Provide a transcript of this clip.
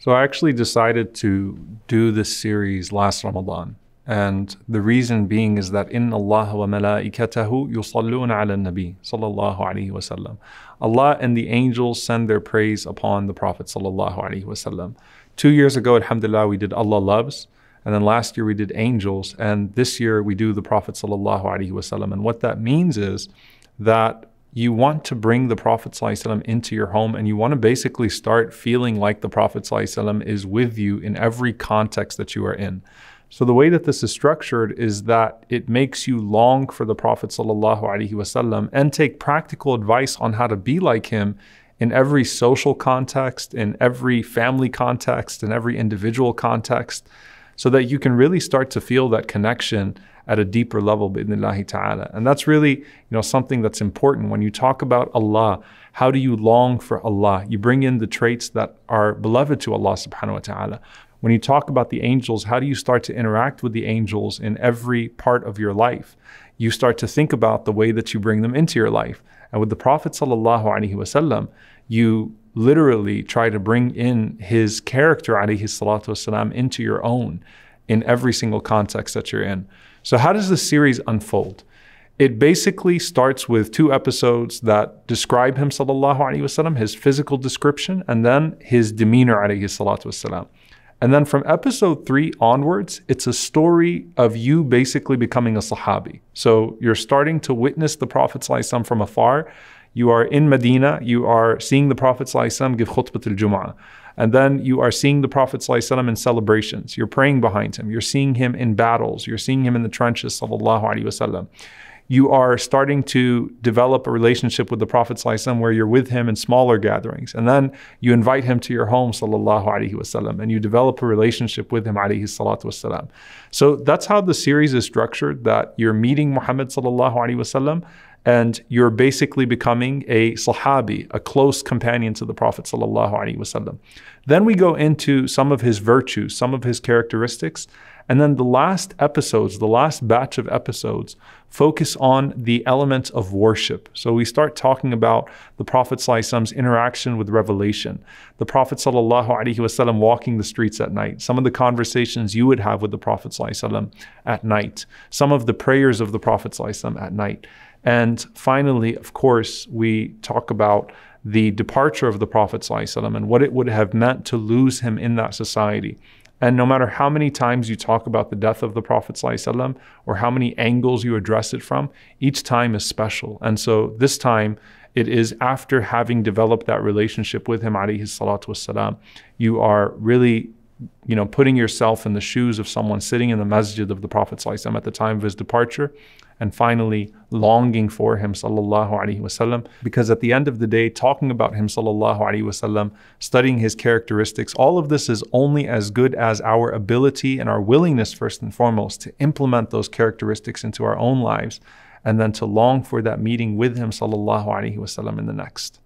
So I actually decided to do this series last Ramadan. And the reason being is that in Allah wa malaikatahu yusalluna ala nabi sallallahu alayhi wasallam. Allah and the angels send their praise upon the Prophet sallallahu alayhi wasallam. Two years ago, alhamdulillah, we did Allah loves. And then last year we did angels. And this year we do the Prophet sallallahu alayhi wasallam. And what that means is that you want to bring the Prophet ﷺ into your home and you want to basically start feeling like the Prophet ﷺ is with you in every context that you are in. So the way that this is structured is that it makes you long for the Prophet ﷺ and take practical advice on how to be like him in every social context, in every family context, in every individual context so that you can really start to feel that connection at a deeper level bi'idhnillahi ta'ala. And that's really, you know, something that's important. When you talk about Allah, how do you long for Allah? You bring in the traits that are beloved to Allah subhanahu wa ta'ala. When you talk about the angels, how do you start to interact with the angels in every part of your life? You start to think about the way that you bring them into your life. And with the Prophet sallallahu alaihi wasallam, you literally try to bring in his character, alayhi salatu wasalam, into your own in every single context that you're in. So, how does the series unfold? It basically starts with two episodes that describe him, sallallahu alayhi wasallam, his physical description, and then his demeanor, alayhi salatu wasalam. And then from episode three onwards, it's a story of you basically becoming a Sahabi. So you're starting to witness the Prophet from afar you are in Medina, you are seeing the Prophet ﷺ give khutbah al Jum'ah. And then you are seeing the Prophet ﷺ in celebrations. You're praying behind him. You're seeing him in battles. You're seeing him in the trenches, sallallahu wasallam you are starting to develop a relationship with the Prophet ﷺ where you're with him in smaller gatherings. And then you invite him to your home, sallallahu alaihi wasallam, and you develop a relationship with him, alaihi salatu wasallam. So that's how the series is structured, that you're meeting Muhammad sallallahu alaihi wasallam, and you're basically becoming a sahabi, a close companion to the Prophet sallallahu alaihi wasallam. Then we go into some of his virtues, some of his characteristics, and then the last episodes, the last batch of episodes, focus on the elements of worship. So we start talking about the Prophet Prophet's interaction with revelation, the Prophet walking the streets at night, some of the conversations you would have with the Prophet at night, some of the prayers of the Prophet at night. And finally, of course, we talk about the departure of the Prophet ﷺ and what it would have meant to lose him in that society and no matter how many times you talk about the death of the Prophet ﷺ or how many angles you address it from, each time is special. And so this time, it is after having developed that relationship with him, alayhi salatu wasalam, you are really you know, putting yourself in the shoes of someone sitting in the masjid of the Prophet وسلم at the time of his departure, and finally longing for him sallallahu alaihi wasallam. Because at the end of the day, talking about him sallallahu alaihi wasallam, studying his characteristics, all of this is only as good as our ability and our willingness, first and foremost, to implement those characteristics into our own lives, and then to long for that meeting with him sallallahu alaihi wasallam in the next.